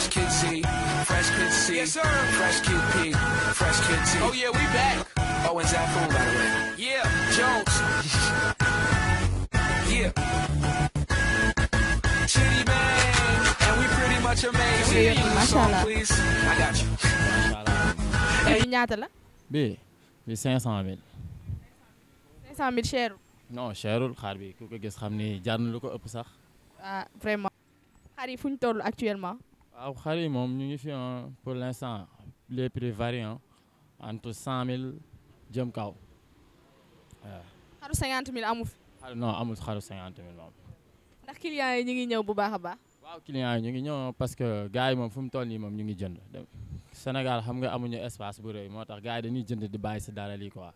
Fresh Kid Z, Fresh Kid C, yes, sir. Fresh Kid P, la? Bi, bi 500000. 500000 cherul. non cherul xaar bi ku ko gis ni jaar na ëpp sax. ah vraiment. xaar yi fu ñu toll actuellement. waaw xar yi moom ñu ngi fi pour l' instant les prix varient entre cent mille jëm kaw waaw. xaru cinquante mille amu fi. non amul xaru cinquante mille moom. ndax clients yi ñu ngi ñëw bu baax a baax. waaw clients yi ñu ngi ñëw parce que gars yi moom fu mu toll nii moom ñu ngi jënd Sénégal xam nga amuñu espace bu rëy moo tax gars yi dañuy jënd di bàyyi si dara lii quoi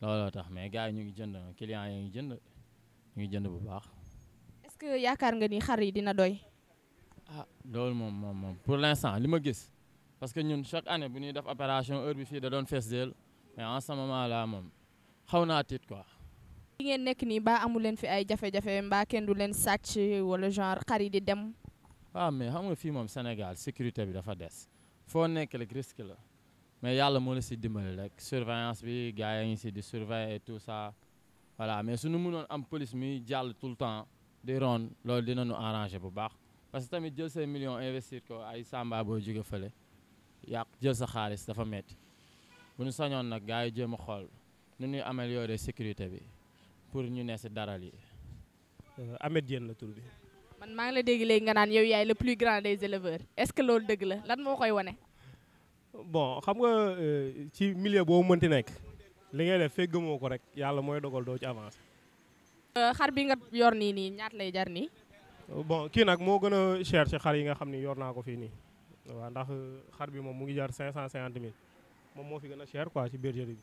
looloo tax mais gars yi ñu ngi jënd clients yi ngi jënd ñu ngi jënd bu baax. est yaakaar nga ni xar yi dina doy. ah loolu moom moom moom pour l' instant li ma gis parce que ñun chaque année bu ñuy def opération heure fii da doon fees mais en ce moment moom xaw naa tiit quoi. li ngeen nekk nii ba amu leen fi ay jafe-jafe mbaa kenn du leen sàcc wala genre xar yi di dem. waaw ah, mais xam nga fii moom Sénégal sécurité bi dafa des foo nekk rek risque la mais yàlla moo la si dimbali rek surveillance bi gars yi ngi si di surveiller et tout ça voilà mais sunu mënoon am police mi jàll tout le temps di ron loolu dinañu arranger bu baax. parce que tamit jël say million investir ko ay Samba boo jóge fële yàq jël sa xaalis dafa metti bu ñu sañoon nag gars yi jéem a xool nu ñuy améliorer sécurité bi pour ñu ne si daral yi. Euh, Ameth Diène la tur bi. man maa ngi la dégg léegi nga naan yow yaay le plus grand des éleveurs est-ce que loolu dëgg la lan moo koy wane. bon xam nga euh, ci milieu boobu mënti nekk li ngay def fekk gëmoo ko rek yàlla mooy dogal doo ci avancé. Euh, xar bi nga yor nii nii ñaat lay jar nii. bon kii nag moo gën a cher ci xar yi nga xam ni yor naa ko fii nii waaw ndax euh, xar bi moom mu ngi jar cinq cent cinquante mille moom moo fi gën a cher quoi ci bergerie bi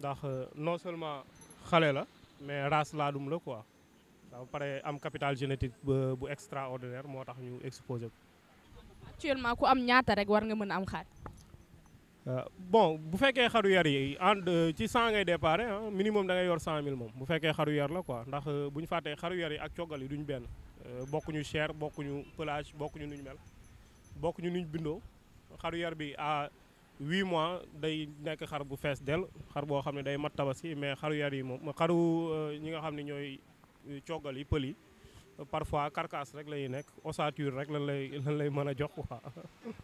ndax euh, non seulement xale la mais race laadum la quoi ba pare am capital génétique bu extraordinaire moo tax ñu exposé ko. actuellement ku am ñaata rek war nga mën a am xar. Euh, bon bu fekkee xaru yar yi en ci cent ngay déparé minimum da yor cent mille moom bu fekkee xaru yar la quoi ndax bu ñu fàttee xaru yar yi ak coggal yi duñ benn. Euh, bokkuñu chair bokkuñu pelage bokkuñu nuñ mel bokkuñu nuñ bindoo xaru yar bi à huit mois day nekk xar bu fees dell xar boo xam ne day mat tabaski mais xaru yar yi moom xaru euh, ñi nga xam ne ñooy euh, coggal yi pël yi parfois carcasse rek la ñuy nekk ossature rek lan lay lan lay mën a jox quoi.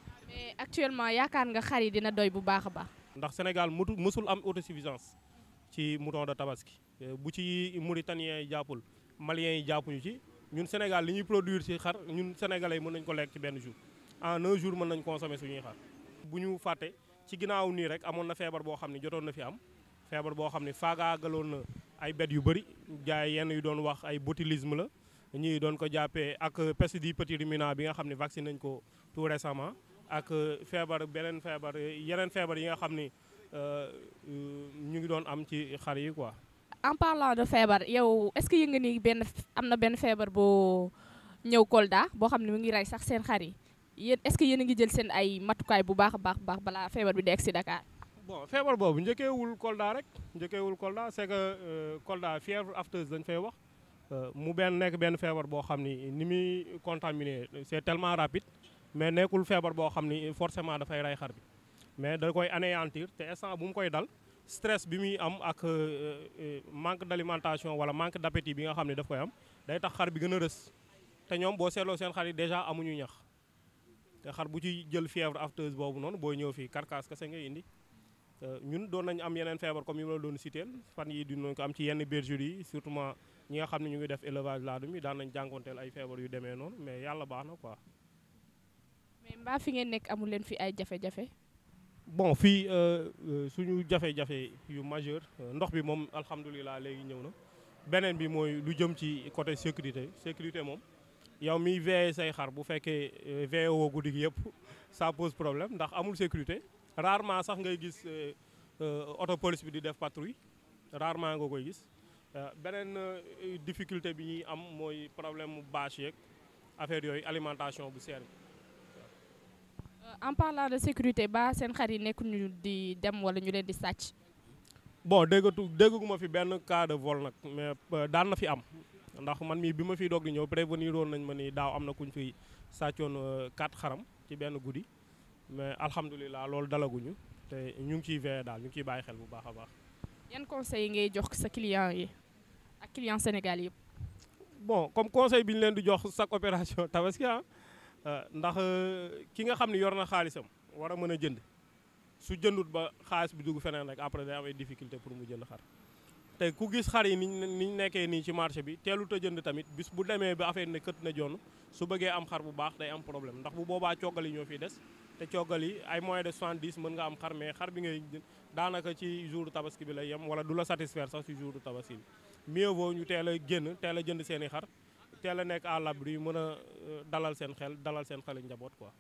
actuellement yaakaar nga xar yi dina doy bu baax a baax. ndax Sénégal mutu mësul am autosuffisance ci mouton de tabaski bu ci mauritanien yi jàppul malien yi jàppuñu ci. ñun Sénégal li ñuy produire ci xar ñun sénégalais mën nañ ko lekk ci benn jour en un jour mën nañ consommer suñuy xar bu ñu fàtte ci ginnaaw nii rek amoon na feebar boo xam ne jotoon na fi am feebar boo xam ne faagaagaloon na ay bët yu bëri jaay yenn yu doon wax ay botulisme la ñii doon ko jàppee ak peste du petit ruminant bi nga xam ne vaccine nañ ko tout récemment ak feebar beneen feebar yeneen feebar yi nga xam ne euh, ñu ngi doon am ci xar yi quoi en parlant de feebar yow est-ce que yëngu ni benn am na benn feebar boo ñëw Kolda boo xam ne mu ngi rey sax seen xar yi yéen est-ce que yéen a ngi jël seen ay matukaay bu baax a baax baax balaa feebar bi di egg si Dakar. bon feebar boobu njëkkeewul Kolda rek njëkkeewul Kolda c'est que colda euh, fièvre aphteuse dañ fay wax euh, mu benn nekk benn feebar boo xam ni ni muy contaminé c'est tellement rapide mais nekkul feebar boo xam ni forcément dafay rey xar bi mais da koy anéantir te instant mu koy dal. stress bi muy am ak euh, euh, manque d'alimentation wala manque d'appétit bi nga xam ne daf koy am day tax xar bi gën a rës te ñoom boo seetloo seen xar yi déjà amuñu ñax te xar bu ci jël fièvre afteuse boobu noonu boo ñëw fii carcasse kese nga indi euh, ñun doon nañ am yeneen feebar comme yi ma la doon citeel fan yi du nañ ko am ci yenn bergerie yi surtout ñi nga xam ne ñu ngi def élevage laadum yi daan nañ jànkonteel ay feebar yu demee noonu mais yàlla baax na quoi. mais mbaa fi ngeen nekk amul leen fi ay jafe bon fii euh, euh, suñu jafe-jafe yu majeur euh, ndox bi moom alhamdulilah léegi ñëw na beneen bi mooy lu jëm ci côté sécurité sécurité moom yow miy veillé say xar bu fekkee veillé woo guddi gi yëpp ça pose problème ndax amul sécurité rarement sax ngay gis auto police bi di def patrouille rarement nga koy gis beneen difficulté bi ñuy am mooy problème mu bâche yeeg affaire yooyu alimentation bu seer bi Euh, en parlant de sécurité ba seen xar yi nekku di dem wala ñu leen di sàcc. bon déggatu dégguma fi benn cas vol nag mais euh, daan na fi am ndax man mii bi ma fiy doog di ñëw prévenir woon nañ ma ni daaw am na kuñ fiy sàccoon euh, quatre xaram ci benn guddi mais alhamdulilah loolu dalaguñu te ñu ngi ciy veillé daal ñu ngi ciy bàyyi xel bu baax a baax. yan conseil ngay jox sa client yi ak client Sénégal yëpp. bon comme conseil bi ñu leen di jox chaque opération tabaski ah. Euh, ndax euh, ki nga xam ne yor na xaalisam war a mën a jënd su jëndut ba xaalis bi dugg feneen rek après day am difficulté pour mu jënd xar te ku gis xar yi ni niñ nekkee nii ci marché bi teelut a jënd tamit bis bu demee ba affaire ne kët na jonn su bëggee am xar bu baax day am problème ndax bu boobaa coggal yi ñoo fiy des te coggal yi ay moyens de 70 mën nga am xar mais xar bi ngay daanaka ci jour tabaski bi lay yem wala du la satisfaire sax ci jour tabaski bi mieux vaut ñu teel a génn teel a jënd seen i teel a nekk à l'abri mën a euh, dalal seen xel dalal seen xeli njaboot ko